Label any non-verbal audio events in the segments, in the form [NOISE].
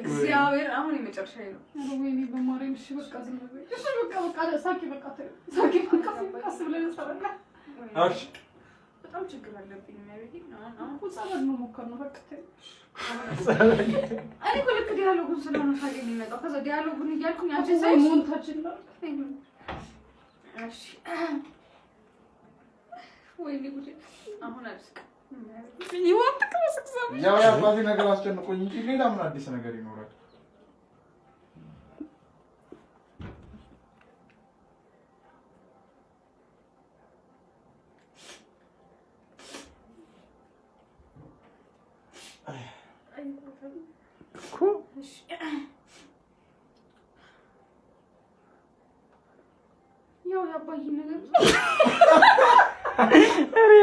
እግዚአብሔር አሁን የመጨረሻ ነው። ወይኔ በማርያም እሺ፣ በቃ ዝም በይ፣ እሺ፣ በቃ በቃ ሳቂ፣ በቃ ሳቂ፣ በቃ ቀስ ብለን እሺ፣ በጣም ችግር አለብኝ የሚያደርግ አሁን ጸበል መሞከር ነው። በቃ እኔ እኮ ልክ ዲያሎጉን ስለሆነ ሳቂ የሚመጣው ከዛ ዲያሎጉን እያልኩኝ አንቺ ሳይ ሞንታችን ነው። እሺ፣ ወይኔ ጉዴ አሁን አልስቅም ያው የአባቴ ነገር አስጨንቆኝ እንጂ ሌላ ምን አዲስ ነገር ይኖራል? ያው የአባዬ ነገር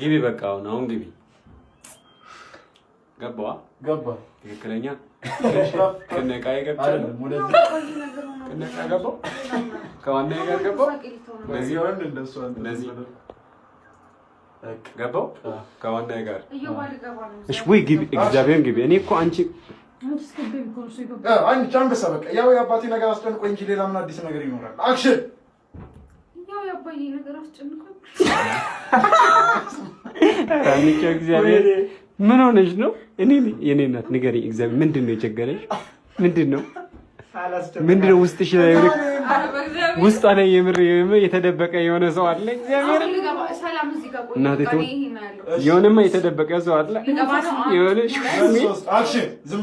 ግቢ። በቃ አሁን አሁን ግቢ። ገባዋ ገባ። ትክክለኛ ከነቃ ገባ። ገባው ወይ ግቢ፣ እግዚአብሔር ግቢ። እኔ እኮ አንቺ አንቺ አንበሳ በቃ ያው የአባቴ ነገር አስጨንቆኝ እንጂ ሌላ ምን አዲስ ነገር ይኖራል? አክሽን ያው የአባዬ ነገር አስጨንቆኝ ታንቺ እግዚአብሔር ምን ሆነች ነው? እኔ የኔ እናት ንገሪኝ፣ እግዚአብሔር ምንድን ነው የቸገረሽ? ምንድን ነው ምንድን ነው ውስጥሽ ላይ ውስጥ ላይ የምር የተደበቀ የሆነ ሰው አለ። እግዚአብሔር እናቴ የሆነማ የተደበቀ ሰው አለ። የሆነ ዝም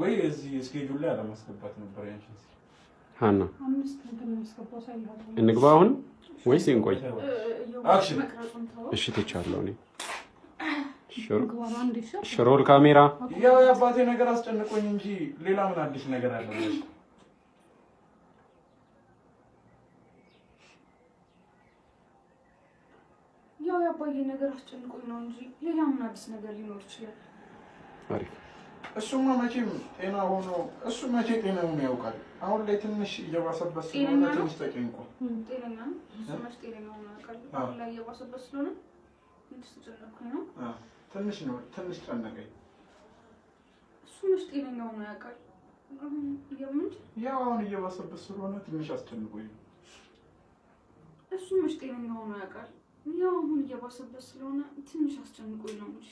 ወይ እዚህ እስኬጁል ላይ አለማስገባት ነበር። ያንቺ ሀና እንግባ አሁን ወይስ እንቆይ? እሺ ትቻለሁ። እኔ ሽሮል ካሜራ ያው የአባቴ ነገር አስጨንቆኝ እንጂ ሌላ ምን አዲስ ነገር አለ? [CLEARS THROAT] ያው የአባዬ ነገር አስጨንቆኝ ነው እንጂ ሌላ ምን አዲስ ነገር ሊኖር ይችላል? አሪፍ እሱማ መቼም ጤና ሆኖ እሱ መቼ ጤናውን ያውቃል። አሁን ላይ ትንሽ እየባሰበት ስለሆነ ትንሽ ተጨንቆ ትንሽ ነው ትንሽ ጨነቀኝ። እሱ መች ጤነኛው ነው ያውቃል። ያው አሁን እየባሰበት ስለሆነ ትንሽ አስጨንቆኝ። እሱ መች ጤነኛው ነው ያውቃል። ያው አሁን እየባሰበት ስለሆነ ትንሽ አስጨንቆኝ ነው እንጂ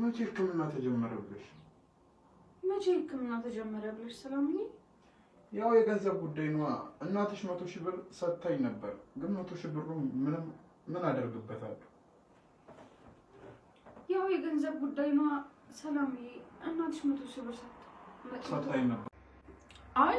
መቼ ህክምና ተጀመረ ብለሽ መቼ ህክምና ተጀመረ ብለሽ ስለምኝ ያው የገንዘብ ጉዳይ ነዋ። እናትሽ መቶ ሺህ ብር ሰጥታኝ ነበር፣ ግን መቶ ሺህ ብሩ ምንም ምን አደርግበታለሁ? ያው የገንዘብ ጉዳይ ነዋ ሰላምዬ። እናትሽ መቶ ሺህ ብር ሰጥታኝ ነበር። አይ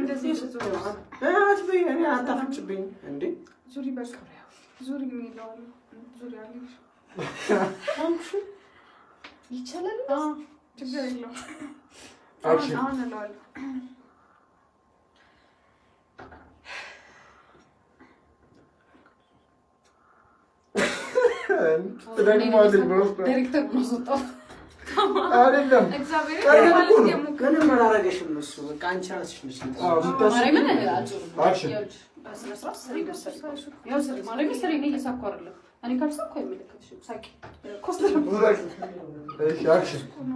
እንደዚህ አትበይኝ፣ አታፍጭብኝ። እንዴ ዙሪ፣ በቃ ዙሪ የሚለዋል ዙሪ አለ ይቻላል፣ ችግር የለውም። አሁን እለዋለሁ ዳይሬክተር ነው ስወጣው አይደለም ምንም አላደረገሽም። እሱ በቃ አንቺ እራስሽ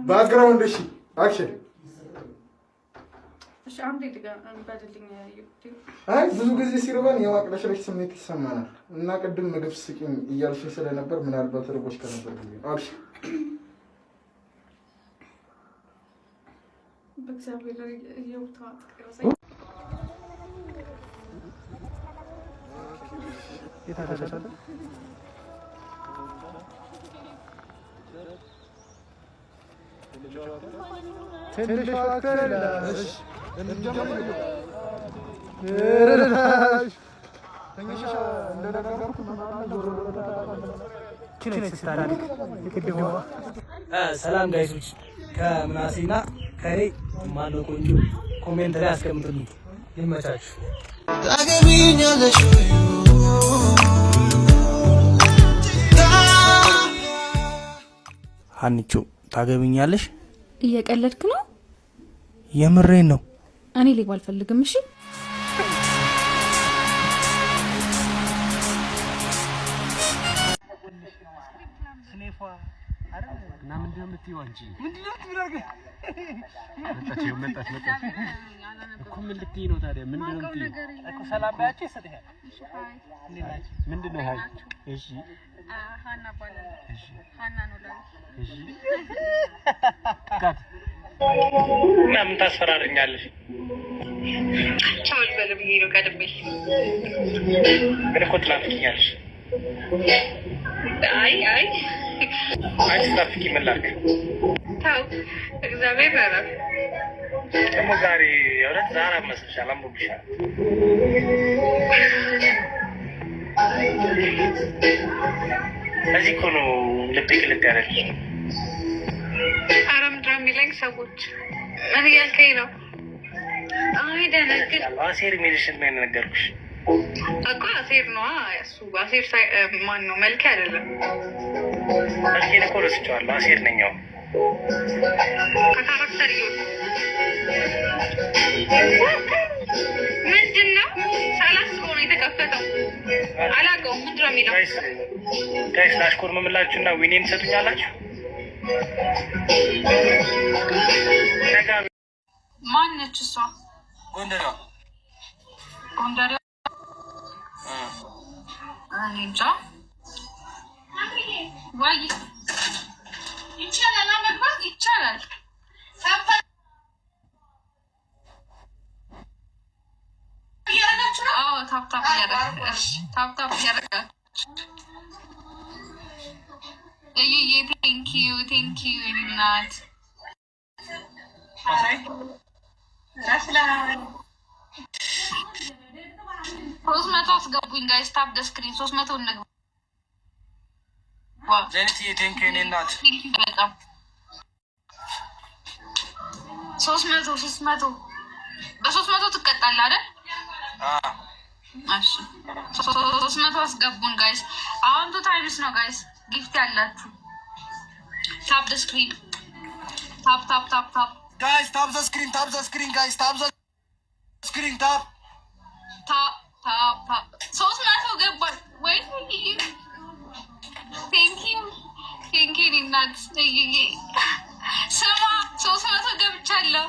ባክግራውንድ እሺ፣ አክሽን። ብዙ ጊዜ ሲርበን የማቅለሽለሽ ስሜት ይሰማናል እና ቅድም ምግብ ስጪኝ እያልሽ ስለነበር ምናልባት እርቦሽ ከነበር ጊዜ እግዚአብሔር የውታት የታደረሻለ ትንሽ አክለሽ እንጀምርሽ ትንሽ እንደነገርኩ ሰላም ጋይሶች ከምናሴና ከሬ ማነው ቆንጆ? ኮሜንት ላይ ይመቻችሁ። ታገቢኛለሽ ሀኒቾ ታገቢኛለሽ? እየቀለድክ ነው? የምሬ ነው። እኔ ሌባ አልፈልግም። እሺ እና ምንድነው የምትይው አንቺ? ምንድነው የምትብላገ መጣች መጣች መጣች እኮ ምን ልትይ ነው ታዲያ? ምንድነው የምትይው እኮ ሰላም ባያቸው ይሰጥሻል። ምንድነው ሀይ? እሺ ሀና እባላለሁ። እሺ ሀና ነው ላሉ። እሺ ካት እና ምን ታስፈራረኛለሽ? ቻው ልበል ብዬሽ ነው ቀድሜ። ግን እኮ ትላትኛለሽ። አይ አይ አንቺ ጣፍቂ ታው እግዚአብሔር ረፍ ደግሞ ዛሬ የእውነት ዛራ መስልሻል፣ አምሮብሻል። እዚህ እኮ ነው ልቤ ቅልጥ ያለች። ኧረ የሚለኝ ሰዎች ምን እያልከኝ ነው? አይ ደነግል ሴር የሚልሽን ነው የነገርኩሽ እኮ አሴር ነዋ። እሱ አሴር ማን ነው? መልክ አይደለም። መልኬን እኮ ረስቼዋለሁ። አሴር ነኝ። ከካራክተር ምንድን ነው ሳላስበው ነው የተከፈተው። አላውቀውም። ምንድን ነው የሚለው? ጋይስ ላሽኮርምምላችሁ እና ዊኔን ትሰጡኛላችሁ። ማነች እሷ? ጎንደሬዋ ጎንደሬዋ እኔ እንጃ ወይ ይቻላል፣ መግባት ይቻላል። ታፕታፕ እያደረጋችሁ ቴንኪዩ ቴንኪዩ የእኔ ሶስት መቶ አስገቡኝ ጋይስ ታፕ ደ ሶስት መቶ እንግባ። ዜኒትዬ ቴንኪው የእኔ እናት ሶስት መቶ ሶስት መቶ በሶስት መቶ ትቀጣለህ አይደል? ሶስት መቶ አስገቡን ጋይስ። አሁን ቱ ታይምስ ነው ጋይስ ጊፍት ያላችሁ ታፕ ደ ስክሪን ታፕ ታፕ ታፕ ታፕ ጋይስ ታፕ ዘ ስክሪን ታፕ ዘ ስክሪን ጋይስ ታፕ ዘ ስክሪን ታፕ ታፕ ሶስት መቶ ገባል ወይ? ቴንኪው ቴንኪው። እናት ስማ፣ ሶስት መቶ ገብቻለሁ።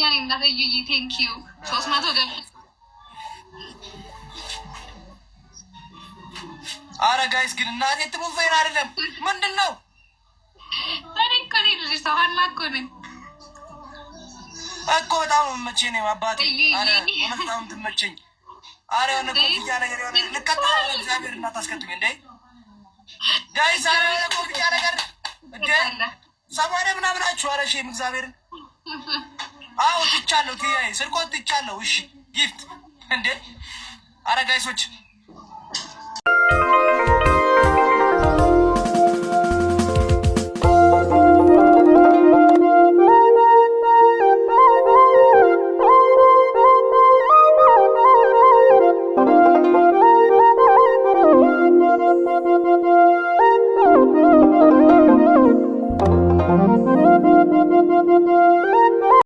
ያኔ እናት እዩዬ፣ ቴንኪው ሶስት መቶ ገብ አረ ጋይስ ግን እናቴ ትሙፌን አይደለም ምንድን ነው እኔ እኮ ልጅ ሰው ሀና እኮ በጣም የምመቸኝ ነው አባቴ። በጣም ትመቸኝ። አረ የሆነ ኮፍያ ነገር የሆነ ልቀጣ እግዚአብሔር እናት አስከትሜ ጋይስ አረ የሆነ ኮፍያ ነገር እንደ ሰማንያ ምናምናችሁ አረ ሼም እግዚአብሔርን አዎ ትቻለሁ። ትያዬ ስርቆት ትቻለሁ። እሺ ጊፍት እንዴ አረ ጋይሶች